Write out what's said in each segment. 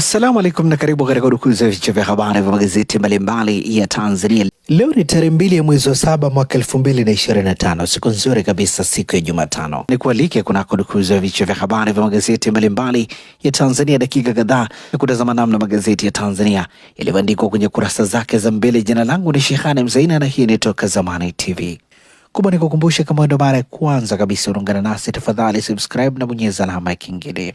Assalamu alaikum na karibu katika udukuzi ya vichwa vya habari vya magazeti mbalimbali ya Tanzania. Leo ni tarehe mbili ya mwezi wa saba mwaka elfu mbili na ishirini na tano siku nzuri kabisa, siku ya Jumatano. Ni kualike kunako udukuzi ya vichwa vya habari vya magazeti mbalimbali ya Tanzania, dakika kadhaa ya kutazama namna magazeti ya Tanzania yalivyoandikwa kwenye kurasa zake za mbele. Jina langu ni Shehane Mzaina na hii ni Toka Zamani TV. Kubwa ni kukumbusha, kama ndo mara ya kwanza kabisa unaungana nasi, tafadhali subscribe na bonyeza alama ya kengele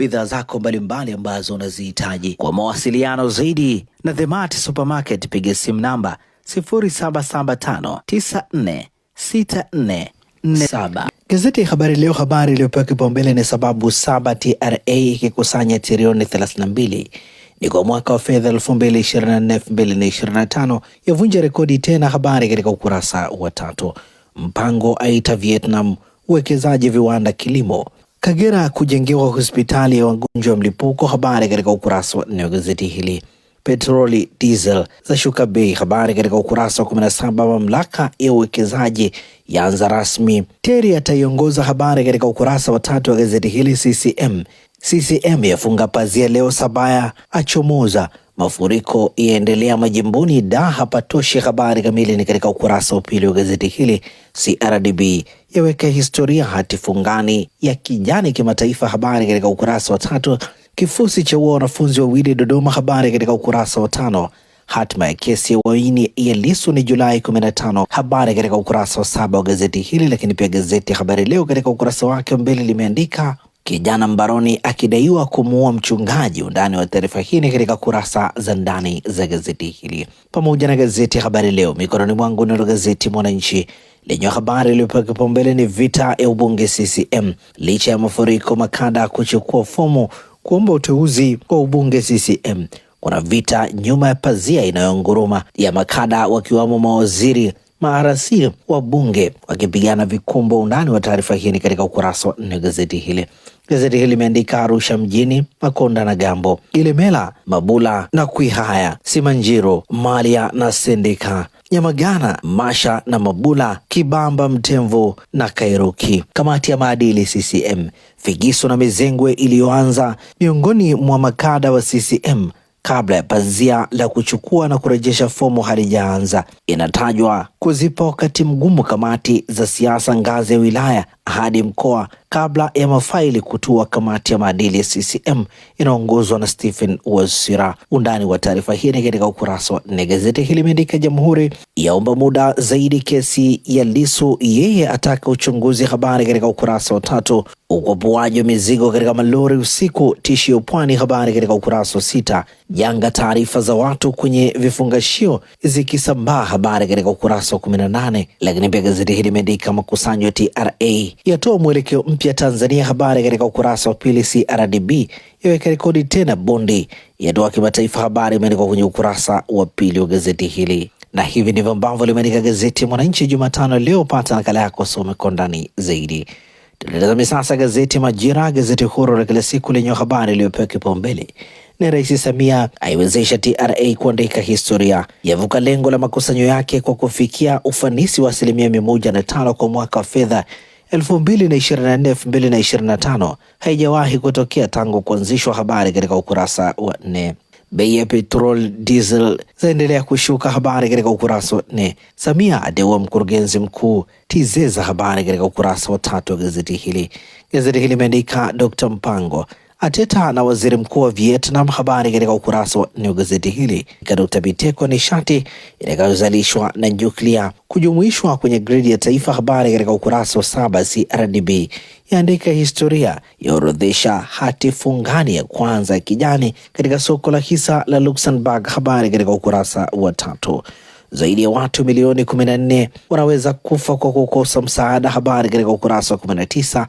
bidhaa zako mbalimbali ambazo unazihitaji. Kwa mawasiliano zaidi na The Mart Supermarket, piga simu namba 0775946447. Gazeti ya Habari Leo, habari iliyopewa kipaumbele ni sababu saba TRA ikikusanya trilioni 32 ni kwa mwaka wa fedha 2024/2025 yavunja rekodi tena. Habari katika ukurasa wa tatu. Mpango aita Vietnam uwekezaji viwanda kilimo Kagera kujengewa hospitali ya wagonjwa mlipuko, habari katika ukurasa wa nne wa gazeti hili. Petroli diesel za shuka bei, habari katika ukurasa wa 17. Mamlaka ya uwekezaji yaanza rasmi, Teri ataiongoza, habari katika ukurasa wa tatu wa gazeti hili. CCM CCM yafunga pazia leo, Sabaya achomoza mafuriko yaendelea majimboni, da hapatoshi. Habari kamili ni katika ukurasa wa pili wa gazeti hili. CRDB yaweka historia hatifungani ya kijani kimataifa. Habari katika ukurasa wa tatu. Kifusi cha ua wanafunzi wawili Dodoma. Habari katika ukurasa wa tano. Hatima ya kesi ya waini ya Lisu ni Julai 15. Habari katika ukurasa wa saba wa gazeti hili. Lakini pia gazeti Habari Leo katika ukurasa wake mbele limeandika kijana mbaroni akidaiwa kumuua mchungaji. Undani wa taarifa hii ni katika kurasa za ndani za gazeti hili pamoja na gazeti Habari Leo mikononi mwangu. Nalo gazeti Mwananchi lenye habari iliyopewa kipaumbele ni vita ya ubunge CCM. Licha ya mafuriko makada kuchukua fomu kuomba uteuzi kwa ubunge CCM, kuna vita nyuma ya pazia inayonguruma ya makada wakiwamo mawaziri maarasi wa bunge wakipigana vikumbo. Undani wa taarifa hii ni katika ukurasa wa nne gazeti hili. Gazeti hili limeandika Arusha mjini, Makonda na Gambo, Ilemela, Mabula na Kwihaya, Simanjiro, Malia na Sendika Nyamagana, Masha na Mabula, Kibamba, Mtemvu na Kairuki. Kamati ya maadili CCM, figisu na mizengwe iliyoanza miongoni mwa makada wa CCM kabla ya pazia la kuchukua na kurejesha fomu halijaanza. Inatajwa kuzipa wakati mgumu kamati za siasa ngazi ya wilaya hadi mkoa kabla ya mafaili kutua kamati ya maadili ya CCM inaongozwa na Stephen Wasira. Undani wa taarifa hii ni katika ukurasa wa nne. Gazeti hili limeandika Jamhuri yaomba muda zaidi kesi ya lisu yeye ataka uchunguzi. Habari katika ukurasa wa tatu. Ukwapuaji wa mizigo katika malori usiku, tishio pwani. Habari katika ukurasa wa sita. Janga, taarifa za watu kwenye vifungashio zikisambaa. Habari katika ukurasa wa nane. Lakini pia gazeti hili limeandika makusanyo ya TRA yatoa mwelekeo mpya Tanzania. Habari katika ukurasa wa pili. CRDB yaweka rekodi tena, bondi yatoa kimataifa. Habari imeandikwa kwenye ukurasa wa pili wa gazeti hili. Na hivi ndivyo ambavyo limeandika gazeti ya Mwananchi Jumatano leo. Pata nakala yako some kwa ndani zaidi. Tutazame sasa gazeti Majira, gazeti huru la kila siku lenye habari iliyopewa kipaumbele na Rais Samia aiwezesha TRA kuandika historia, yavuka lengo la makusanyo yake kwa kufikia ufanisi wa asilimia mia moja na tano kwa mwaka wa fedha 2024/2025 haijawahi kutokea tangu kuanzishwa, habari katika ukurasa wa nne. Bei ya petrol diesel zaendelea kushuka. Habari katika ukurasa wa nne. Samia ateua mkurugenzi mkuu TIZEZA. Habari katika ukurasa wa tatu wa gazeti hili. Gazeti hili imeandika Dr Mpango Ateta na waziri mkuu wa Vietnam. Habari katika ukurasa wa nne wa gazeti hili. Katika utafiti wa nishati itakayozalishwa na nyuklia kujumuishwa kwenye gridi ya taifa. Habari katika ukurasa wa saba. CRDB yaandika historia yaorodhesha hati fungani ya kwanza ya kijani katika soko la hisa la Luxembourg. Habari katika ukurasa wa tatu. Zaidi ya watu milioni 14 wanaweza kufa kwa kukosa msaada. Habari katika ukurasa wa 19.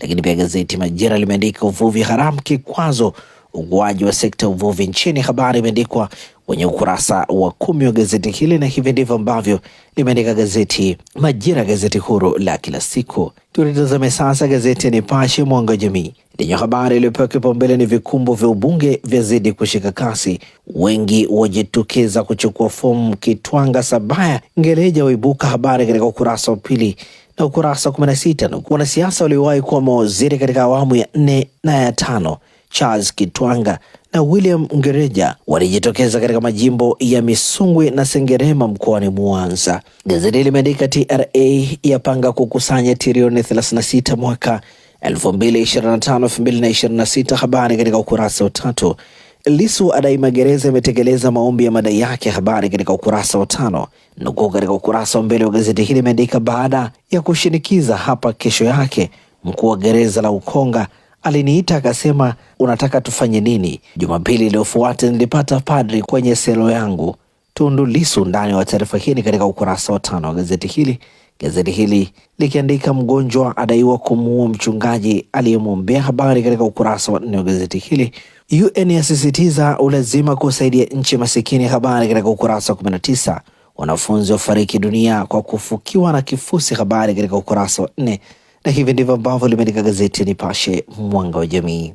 Lakini pia gazeti Majira limeandika uvuvi haramu kikwazo ukuaji wa sekta uvuvi nchini. Habari imeandikwa kwenye ukurasa wa kumi wa gazeti hili, na hivi ndivyo ambavyo limeandika gazeti Majira, gazeti huru la kila siku. Tulitazame sasa gazeti ya Nipashe Mwanga wa Jamii lenye habari iliyopewa kipaumbele ni vikumbo vya ubunge vyazidi kushika kasi, wengi wajitokeza kuchukua fomu. Kitwanga Sabaya Ngeleja waibuka, habari katika ukurasa wa pili na ukurasa wa 16 na wanasiasa waliowahi kuwa mawaziri katika awamu ya nne na ya tano Charles Kitwanga na William Ngereja walijitokeza katika majimbo ya Misungwi na Sengerema mkoani Mwanza. Gazeti limeandika TRA yapanga kukusanya trilioni 36 mwaka 2025 2026, habari katika ukurasa wa tatu lisu adai magereza yametekeleza maombi ya madai yake. Habari katika ukurasa wa tano. Nukuu katika ukurasa wa mbele wa gazeti hili imeandika baada ya kushinikiza hapa kesho yake, mkuu wa gereza la Ukonga aliniita akasema, unataka tufanye nini? Jumapili iliyofuata nilipata padri kwenye selo yangu. Tundu Lisu ndani wa taarifa hii katika ukurasa wa tano wa gazeti hili. Gazeti hili likiandika mgonjwa adaiwa kumuua mchungaji aliyemwombea. Habari katika ukurasa wa nne wa gazeti hili UN yasisitiza ulazima kusaidia nchi masikini. Habari katika ukurasa wa 19. Wanafunzi wafariki dunia kwa kufukiwa na kifusi. Habari katika ukurasa wa nne, na hivi ndivyo ambavyo limeandika gazeti Nipashe, mwanga wa jamii.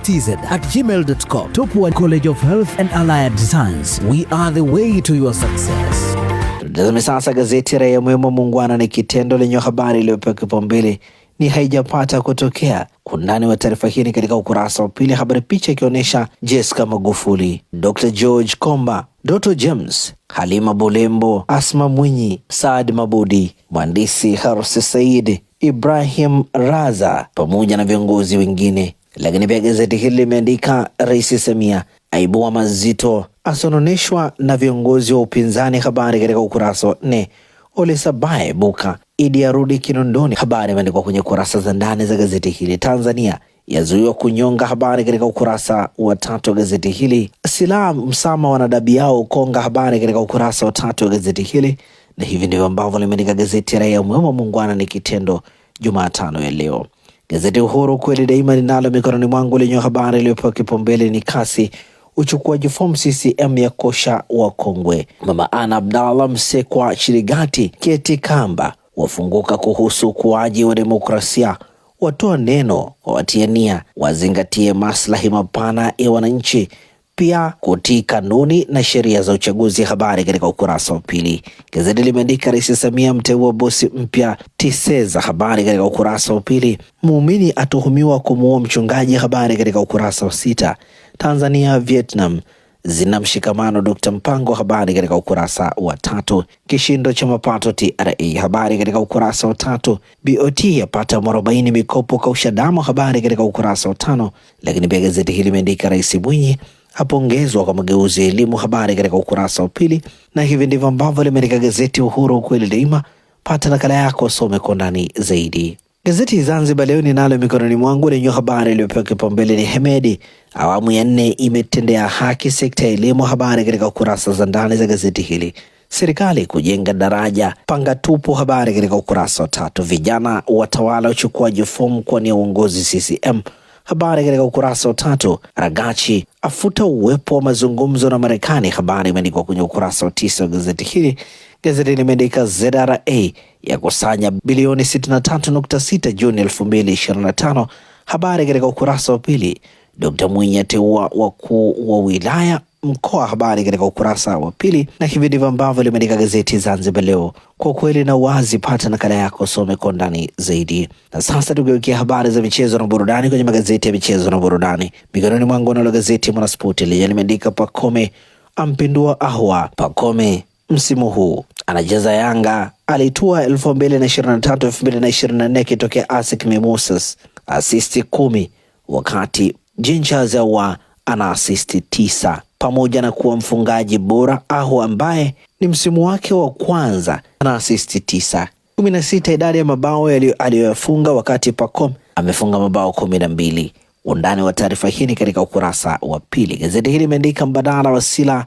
tz at gmail.com. Top One College of Health and Allied Science, we are the way to your success. Tazame sasa gazeti Raia Mwema. Muungwana ni kitendo lenye habari iliyopewa kipaumbele ni haijapata kutokea. kundani wa taarifa hii ni katika ukurasa wa pili, habari picha ikionyesha Jessica Magufuli, Dr George Komba, Doto James, Halima Bulembo, Asma Mwinyi, Saad Mabudi, mhandisi Harusi Said, Ibrahim Raza pamoja na viongozi wengine lakini pia gazeti hili limeandika Rais Samia aibua mazito, asononeshwa na viongozi wa upinzani. Habari katika ukurasa wa nne. Ole Sabae buka Idi arudi Kinondoni. Habari imeandikwa kwenye kurasa za ndani za gazeti hili. Tanzania yazuiwa kunyonga. Habari katika ukurasa wa tatu wa gazeti hili. Silaha msama wanadabi yao konga Habari katika ukurasa wa tatu wa gazeti hili, na hivi ndivyo ambavyo limeandika gazeti Raia Mwema. Muungwana ni kitendo, Jumatano ya leo. Gazeti Uhuru kweli daima ninalo mikononi mwangu lenye habari iliyopewa kipaumbele ni kasi uchukuaji fomu CCM ya kosha wakongwe. Mama Ana Abdallah Msekwa Shirigati keti kamba wafunguka kuhusu ukuaji wa demokrasia, watoa neno kwa watiania wazingatie maslahi mapana ya wananchi pia kutii kanuni na sheria za uchaguzi. Habari katika ukurasa wa pili. Gazeti limeandika Rais Samia mteua bosi mpya TISEZA. Habari katika ukurasa wa pili. Muumini atuhumiwa kumuua mchungaji. Habari katika ukurasa wa sita. Tanzania Vietnam zina mshikamano Dr. Mpango. Habari katika ukurasa wa tatu. Kishindo cha mapato TRA. Habari katika ukurasa wa tatu. BOT yapata mwarobaini mikopo kausha damu. Habari katika ukurasa wa tano. Lakini pia gazeti hili limeandika Rais Mwinyi apongezwa kwa mageuzi ya elimu. Habari katika ukurasa wa pili, na hivi ndivyo ambavyo limeandika gazeti Uhuru, ukweli daima. Pata nakala yako, some kwa ndani zaidi. Gazeti Zanzibar Leo ninalo mikononi mwangu lenye habari iliyopewa kipaumbele ni Hemedi, awamu ya nne imetendea haki sekta ya elimu. Habari katika ukurasa za ndani za gazeti hili. Serikali kujenga daraja panga tupu. Habari katika ukurasa wa tatu. Vijana watawala uchukuaji fomu kwa nia uongozi CCM. Habari katika ukurasa wa tatu. Ragachi afuta uwepo wa mazungumzo na Marekani. Habari imeandikwa kwenye ukurasa wa tisa wa gazeti hili. Gazeti limeandika ZRA ya kusanya bilioni 63.6 Juni 2025. Habari katika ukurasa wa pili. Dr Mwinyi ateua wakuu wa wilaya mkoa wa habari katika ukurasa wa pili, na hivi ndivyo ambavyo limeandika gazeti Zanzibar Leo, kwa ukweli na uwazi. Pata nakala yako, some kwa ndani zaidi. Na sasa tugeukia habari za michezo na burudani kwenye magazeti ya michezo na burudani. Mikononi mwangu nalo gazeti Mwanaspoti lenye limeandika Pacome ampindua Ahwa. Pacome msimu huu anajaza Yanga, alitua 2023 2024 akitokea ASEC Mimosas, asisti kumi wakati Jincha Zawa ana asisti tisa pamoja na kuwa mfungaji bora au ambaye ni msimu wake wa kwanza na asisti tisa, kumi na sita idadi ya mabao aliyoyafunga wakati Pacom amefunga mabao kumi na mbili. Undani wa taarifa hii ni katika ukurasa wa pili. Gazeti hili limeandika mbadala wa Sila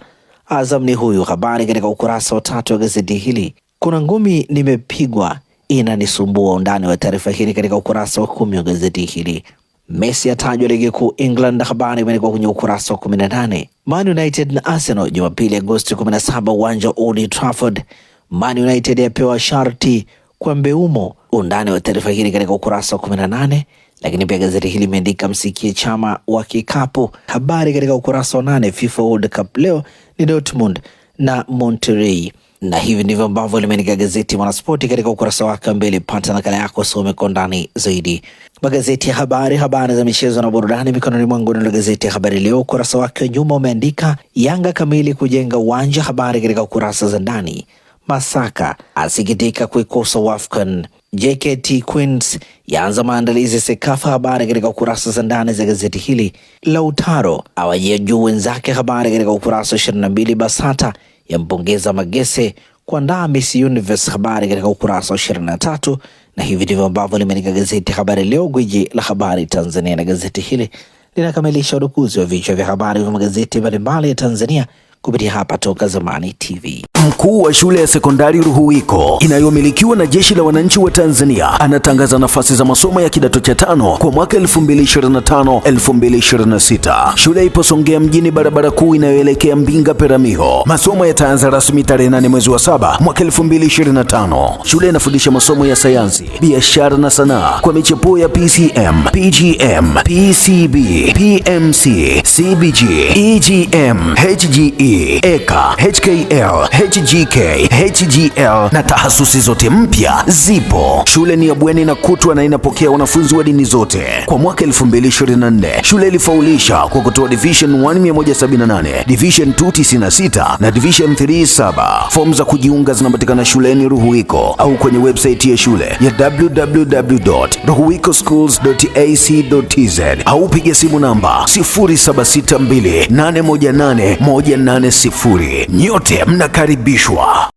Azam ni huyu. Habari katika ukurasa wa tatu wa gazeti hili. Kuna ngumi nimepigwa inanisumbua. Undani wa taarifa hii katika ukurasa wa kumi wa gazeti hili. Messi atajwa ligi kuu England habari imeandikwa kwenye ukurasa wa 18. Man United na Arsenal Jumapili Agosti 17 uwanja Old Trafford. Man United yapewa sharti kwa Mbeumo. Undani wa taarifa hili katika ukurasa wa 18, lakini pia gazeti hili limeandika msikie chama wa kikapu, habari katika ukurasa wa nane. FIFA World Cup leo ni Dortmund na Monterrey na hivi ndivyo ambavyo limeandika gazeti Mwanaspoti katika ukurasa wake mbele. Pata nakala yako, some kwa ndani zaidi. Magazeti ya habari, habari za michezo na burudani mikononi mwangu. Nalo gazeti ya Habari Leo ukurasa wake wa nyuma umeandika Yanga kamili kujenga uwanja, habari katika kurasa za ndani. Masaka asikitika kuikosa WAFCON. JKT Queens yaanza maandalizi Sekafa, habari katika ukurasa za ndani za gazeti hili. Lautaro awajia juu wenzake, habari katika ukurasa wa mbili. Basata yampongeza Magese kuandaa Miss Universe, habari katika ukurasa wa tatu na hivi ndivyo ambavyo limeandika gazeti Habari Leo, gwiji la habari Tanzania, na gazeti hili linakamilisha udukuzi wa vichwa vya habari vya magazeti mbalimbali ya Tanzania kupitia hapa Toka Zamani TV. Mkuu wa shule ya sekondari Ruhuwiko inayomilikiwa na Jeshi la Wananchi wa Tanzania anatangaza nafasi za masomo ya kidato cha tano kwa mwaka 2025 2026. Shule ipo Songea mjini, barabara kuu inayoelekea Mbinga Peramiho. Masomo yataanza rasmi tarehe 8 mwezi wa 7 mwaka 2025. Shule inafundisha masomo ya sayansi, biashara na sanaa kwa michepuo ya PCM, PGM, PCB, PMC, CBG, EGM, HGE eka, HKL, HGK, HGL na tahasusi zote mpya zipo. Shule ni ya bweni na kutwa na inapokea wanafunzi wa dini zote. Kwa mwaka 2024 shule ilifaulisha kwa kutoa division 1 178, division 2 96 na division 3 7. Fomu za kujiunga zinapatikana shuleni Ruhuwiko au kwenye website ya shule ya www.ruhuwikoschools.ac.tz au piga simu namba 07628181 nane sifuri. Nyote mnakaribishwa.